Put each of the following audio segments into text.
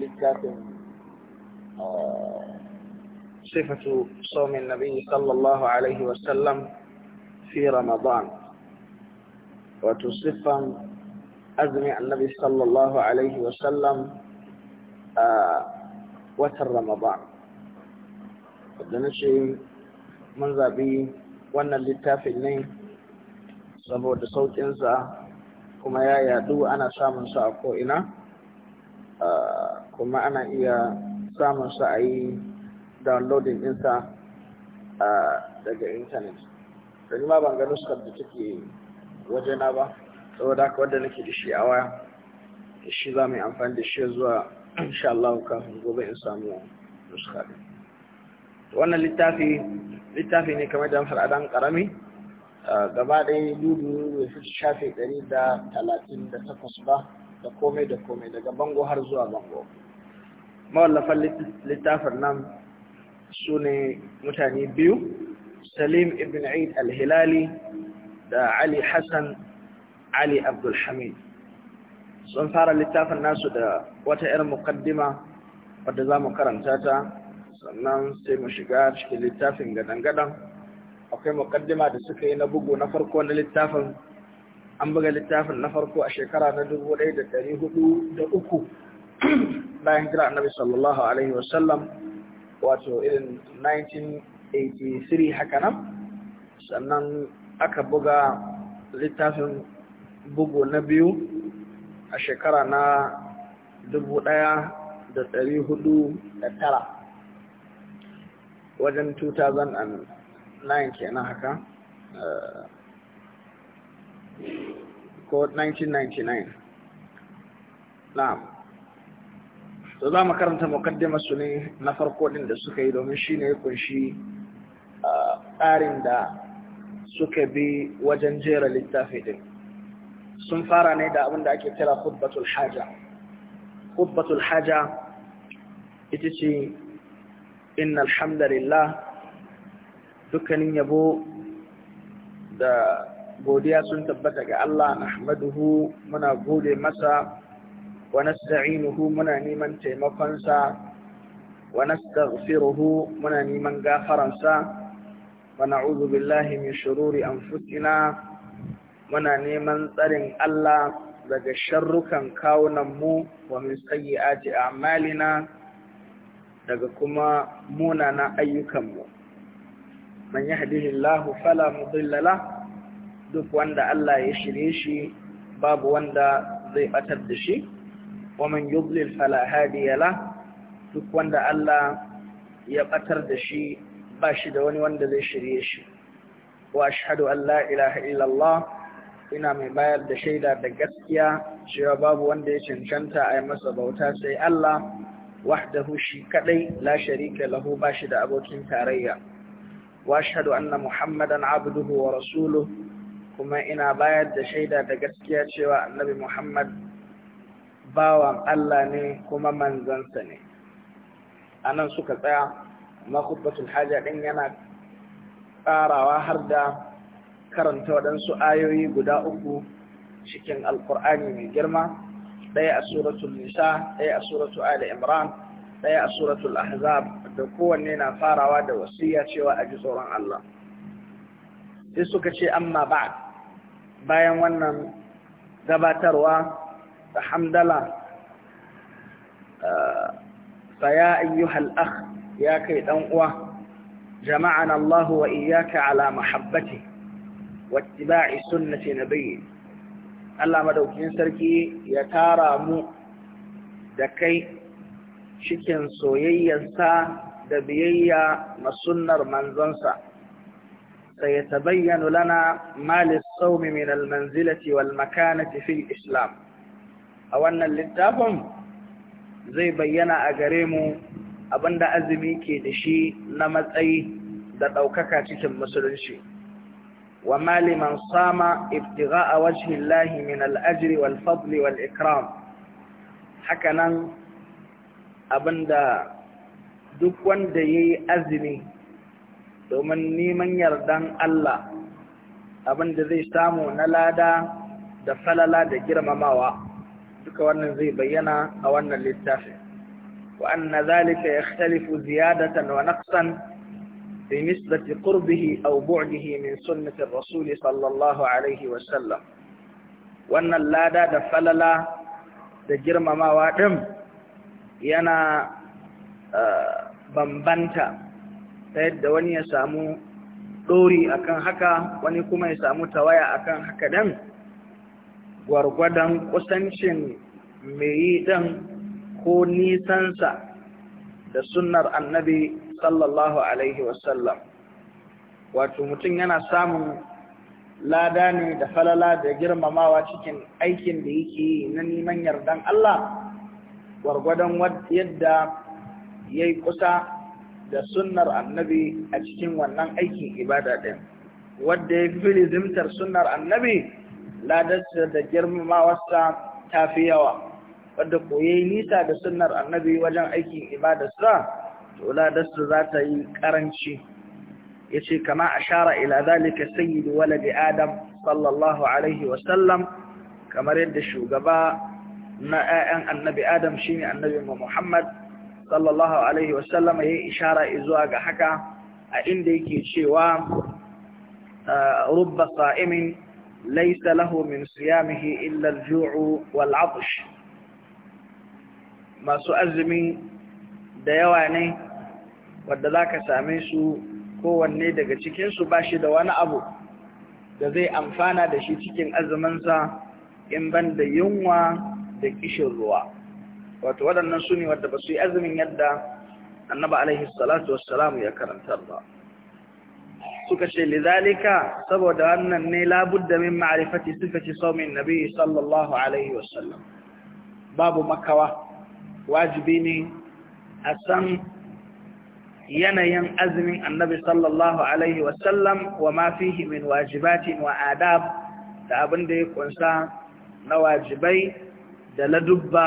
littafin uh, sifatu saumin nabi sallallahu alaihi wasallam fi ramadan wato sifan azumin annabi sallallahu alaihi wasallam a uh, watan ramadan da na ce wannan littafin ne saboda sauƙinsa kuma ya yadu ana samun sa a ko'ina uh, kuma ana iya samun sa a yi downloading ɗinsa daga intanet da ma ban ga nuskar da take wajena ba saboda haka wadda nake da shi a waya da shi za mu yi amfani da shi zuwa insha Allah kafin gobe in samu nuskar wannan littafi littafi ne kamar da a dan karami gaba ɗaya dudu ya fi shafe ɗari da talatin da takwas ba da komai da komai daga bango har zuwa bango mawallafan littafin nan su ne mutane biyu salim ibn aid al-hilali da ali hassan ali abdulhamid sun fara littafin nasu da wata 'yar mukaddima wadda za mu karanta ta sannan sai mu shiga cikin littafin gadangadan. akwai mukaddima da suka yi na bugu na farko na littafin an buga littafin na farko a shekara na uku. bayan jira annabi sallallahu alaihi wasallam wato irin 1983 haka nan sannan aka buga littafin bugu na biyu a shekara na 1409 wajen 2009 kenan haka eh, ko 1999 na'am to za mu karanta mukaddimar su ne na farko din da suka yi domin shine ya kunshi tsarin da suka bi wajen jera littafi din sun fara ne da abin da ake kira khutbatul haja haja ita ce inna alhamdulillah dukkanin yabo da godiya sun tabbata ga Allah na muna gode masa ونستعينه منا نيمن تيمقنسا ونستغفره منا نيمن غافرنسا ونعوذ بالله من شرور أنفسنا منا نيمن ترن الله daga sharrukan kawunanmu wa min sayyi'ati a'malina daga kuma na ayyukanmu man yahdihillahu fala mudilla lahu duk wanda Allah ya shirye shi babu wanda zai batar da shi ومن يضلل فلا هادي له duk wanda Allah ya batar da shi ba shi da wani wanda zai shirye shi wa ashhadu an la ilaha illallah ina mai bayar da shaida da gaskiya cewa babu wanda ya cancanta a yi masa bauta sai Allah wahdahu shi kadai la sharika lahu ba shi da abokin tarayya wa ashhadu anna muhammadan abduhu wa rasuluhu kuma ina bayar da shaida da gaskiya cewa annabi muhammad bawan Allah ne kuma manzansa ne a nan suka tsaya makubbatul haja ɗin yana ƙarawa har da karanta waɗansu ayoyi guda uku cikin Alƙur'ani mai girma ɗaya a suratul nisa ɗaya a suratul ali imran ɗaya a suratul ahzab da kowanne na farawa da wasiya cewa a ji tsoron Allah sai suka ce amma ba bayan wannan gabatarwa hamdala faya ayyuhal akh ya kai dan uwa jama'ana Allah wa iyyaka ala mahabbati wa ittiba'i sunnati nabiyyi Allah madaukakin sarki ya tara mu da kai cikin soyayyarsa da biyayya ma sunnar manzonsa سيتبين لنا ما للصوم من المنزلة والمكانة في الإسلام a wannan littafin zai bayyana a gare mu abinda azumi ke da shi na matsayi da ɗaukaka cikin musulunci wa maliman sama ibtigha'a wajhi Allah min al wal fadli wal ikram hakanan abinda duk wanda yayi azumi domin neman yardan Allah abinda zai samu na lada da falala da girmamawa duka wannan zai bayyana a wannan littafin wa anna zalika yakhtalifu ziyadatan wa naqsan bi nisbati qurbihi aw bu'dihi min sunnati ar-rasul sallallahu alaihi wa sallam wannan lada da falala da girmamawa din yana eh, bambanta ta yadda wani ya samu dori akan haka wani kuma ya samu tawaya akan haka dan gwargwadon kusancin mai yi ko nisansa da sunnar annabi sallallahu alaihi wasallam wato mutum yana samun lada ne da falala da girmamawa cikin aikin da yake yi na neman yardan Allah gwargwadon yadda ya yi kusa da sunnar annabi a cikin wannan aikin ibada ɗin wadda ya fi zimtar sunnar annabi ladarsa da girmamawarsa ta fi yawa wadda koye nisa da sunnar annabi wajen aikin ibadarsa to ladarsa za ta yi karanci ya ce kama ashara ila zalika sayidu waladi adam sallallahu alaihi wasallam kamar yadda shugaba na 'ya'yan annabi adam shine annabi muhammad sallallahu alaihi wasallam ya yi ishara zuwa ga haka a inda yake cewa rubba sa'imin ليس له من صيامه إلا الجوع والعطش ما سؤزمي ديواني same su kowanne daga cikinsu ba shi da wani abu da zai amfana da shi cikin azuminsa in ban da yunwa da kishin ruwa wato waɗannan su ne wadda ba su yi azumin yadda annaba alaihi salatu wassalamu ya karantar ba suka ce lidhalika saboda wannan ne labudda min ma'rifati sifati sawmin nabi sallallahu alaihi wasallam babu makawa wajibi ne a san yanayin azumin annabi sallallahu alaihi wasallam wa ma fihi min wajibatin wa adab da abin da ya kunsa na wajibai da ladubba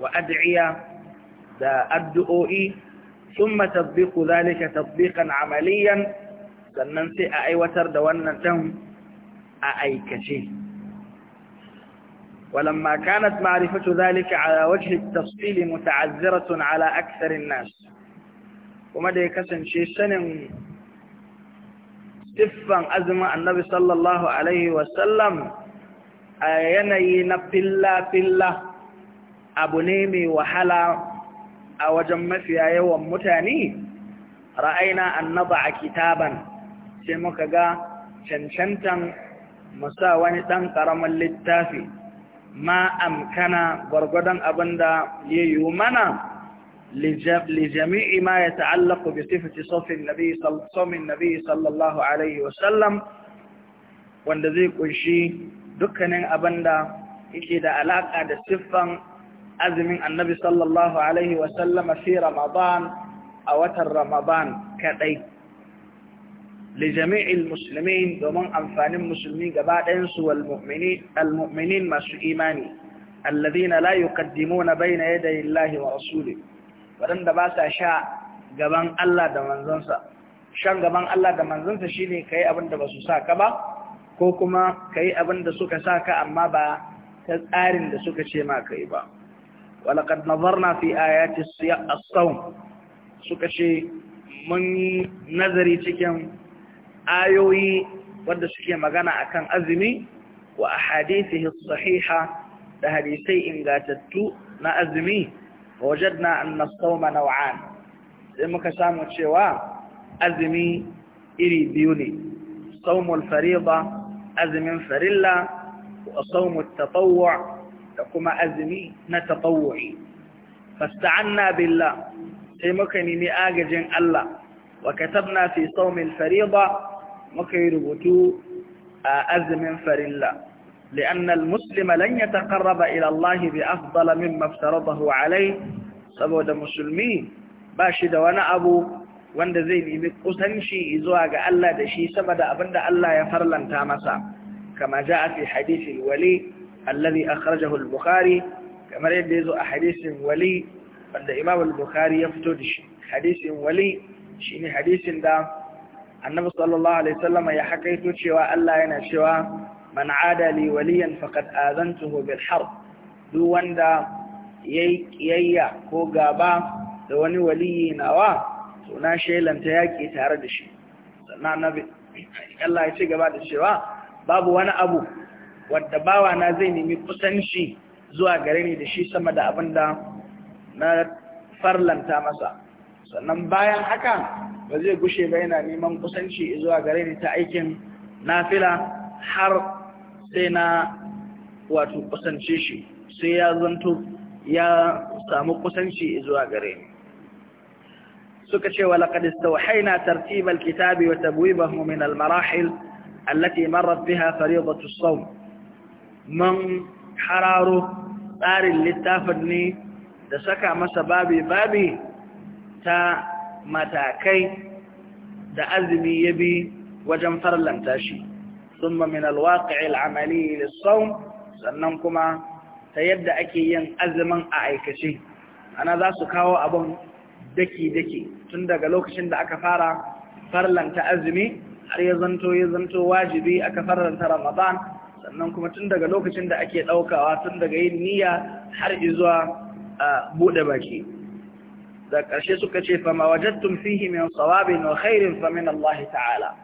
wa ad'iya da addu'o'i ثم تطبيق ذلك تطبيقا عمليا sannan sai a aiwatar da wannan ɗan a aikace ولما كانت معرفة zalika على وجه التفصيل متعذرة على أكثر الناس وما دي كسن kasance سنن siffan azumin annabi sallallahu Alaihi wasallam a yanayi na filla-filla abu ne mai wahala a wajen mafiya yawan mutane ra'aina annaba a kitaban sai muka ga cancantan musa wani ɗan ƙaramin littafi ma amkana gwargwadon abin da ya yi mana lijami'i ma ya ta'allaku bi sifati sofin nabi sallallahu alaihi wasallam wanda zai kunshi dukkanin abin da yake da alaƙa da siffan azumin annabi sallallahu alaihi wasallama fi ramadan a watan ramadan kaɗai لجميع المسلمين ومن أنفان المسلمين قبائنس والمؤمنين المؤمنين ما إيماني الذين لا يقدمون بين يدي الله ورسوله ولن دباسا شاء قبان الله دمان زنسا شان قبان الله دمان زنسا شيني كي أبن دباسو ساكا با كوكما كي أبن دسوكا ساكا أما با تزارن دسوكا شيما كي با ولقد نظرنا في آيات الصوم سوكا شي من نظري تكيم ayoyi wanda suke magana akan azumi wa ahadithihi sahiha da hadisai ingatattu na azumi wajadna anna as-sawma naw'an sai muka samu cewa azumi iri biyu ne saumul fariida azumin farilla wa sawmut da kuma azumi na tatawwu'i fasta'anna billah sai muka nemi agajin Allah wa katabna fi sawmil fariida muka yi rubutu a azumin farilla لأن المسلم لن يتقرب إلى الله بأفضل مما افترضه عليه saboda musulmi bashi da wani abu wanda zai nemi kusanci zuwa ga Allah da shi saboda abinda Allah ya farlanta masa kama ja'a fi hadisi wali alladhi akhrajahu al-bukhari kamar yadda yazo a hadisin wali wanda Imam al-Bukhari ya fito da shi hadisin wali shine hadisin da annabi sallallahu alaihi wasallam ya hakaito cewa Allah yana cewa man adali waliyan faqad azantuhu bil harb duk wanda yayi kiyayya ko gaba da wani waliyi nawa to na shelanta yaki tare da shi sannan annabi Allah ya ci gaba da cewa babu wani abu wadda bawa na zai nemi kusanci zuwa gare ni da shi sama da abin da na farlanta masa sannan bayan haka ba zai gushe ba yana neman kusanci zuwa gare ni ta aikin nafila har sai na wato kusance shi sai ya zanto ya samu kusanci zuwa gare ni suka ce wa laqad istawhayna tartiba alkitabi wa tabwibahu min almarahil allati marrat biha fariidatu as-sawm man hararo tsarin littafin ne da saka masa babi babi ta matakai da azumi ya bi wajen farlanta shi sun min alwaƙi al'amali da saun sannan kuma ta yadda ake yin azumin a aikace ana za su kawo abin daki-daki tun daga lokacin da aka fara farlanta azumi har ya zanto ya zanto wajibi aka farlanta ramadan sannan kuma tun daga lokacin da ake ɗaukawa tun daga yin niyya har izuwa buɗe baki da ƙarshe suka ce fa ma fihi min sawabin wa khairin fa min Allah ta'ala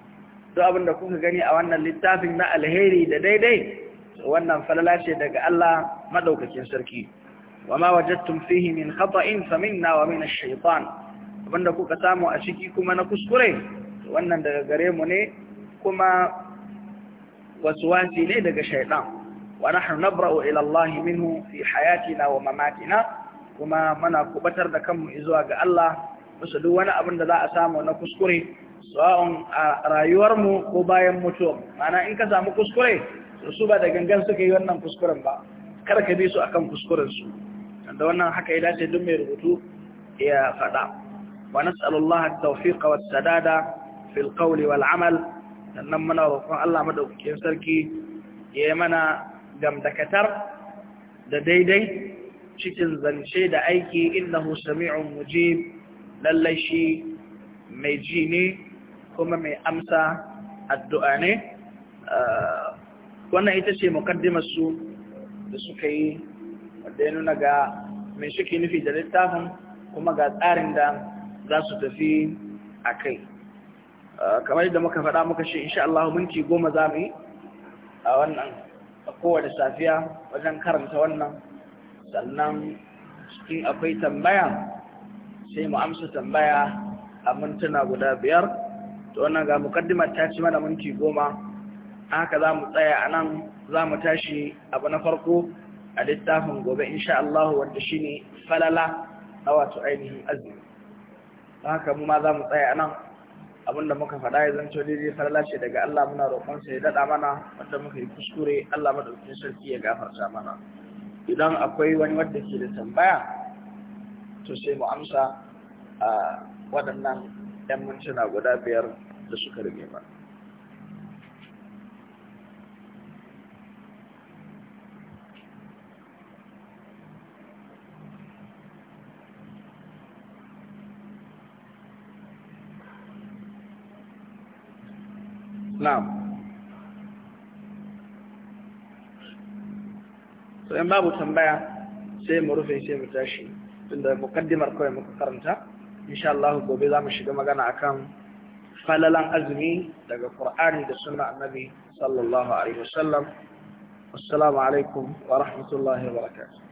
duk abinda kuka gani a wannan littafin na alheri da daidai wannan falala ce daga Allah madaukakin sarki wa ma wajadtum fihi min khata'in fa na wa min ash-shaytan abinda kuka samu a ciki kuma na kuskure wannan daga gare mu ne kuma waswasi ne daga shaytan wa nahnu nabra'u ila Allah minhu fi hayatina wa mamatina kuma mana kubatar da kanmu zuwa ga Allah musu duk wani abin da za a samu na kuskure sawa'un a rayuwarmu ko bayan mutuwa mana in ka samu kuskure su ba da gangan suka yi wannan kuskuren ba kar ka bi su akan kuskurensu da wannan haka ya dace duk mai rubutu ya faɗa wa nas'alullaha tawfiqa was-sadada fil qawli wal 'amal sannan muna roƙon Allah madaukakin sarki ya yi mana gamdakatar da daidai cikin zance da aiki innahu sami'un mujib lallai shi mai ji ne kuma mai amsa addu'a ne wannan ita ce mukaddimar su da suka yi wadda ya nuna ga mai suke nufi da littafin kuma ga tsarin da za su tafi a kai kamar yadda muka faɗa muka shi, insha Allah minti goma za mu yi a wannan kowane safiya wajen karanta wannan sannan cikin akwai tambaya sai mu amsa tambaya a mintuna guda biyar to wannan ga mukaddimar ta ci mana minti goma haka za mu tsaya a nan za mu tashi abu na farko a littafin gobe insha Allah wanda shi ne falala na wato ainihin azumi haka mu ma za mu tsaya a nan abinda muka faɗa ya zanto daidai falala ce daga Allah muna roƙonsa ya daɗa mana wanda muka yi kuskure Allah madaukakin sarki ya gafarta mana idan akwai wani wadda ke da tambaya to sai mu amsa a waɗannan 'yan mintuna guda biyar da suka rage ba. to in babu tambaya sai mu rufe sai mu tashi tunda mukaddimar kawai muka karanta insha Allah gobe za mu shiga magana akan falalan azumi daga Qur'ani da sunna annabi sallallahu alaihi wasallam assalamu alaikum wa rahmatullahi wa barakatuh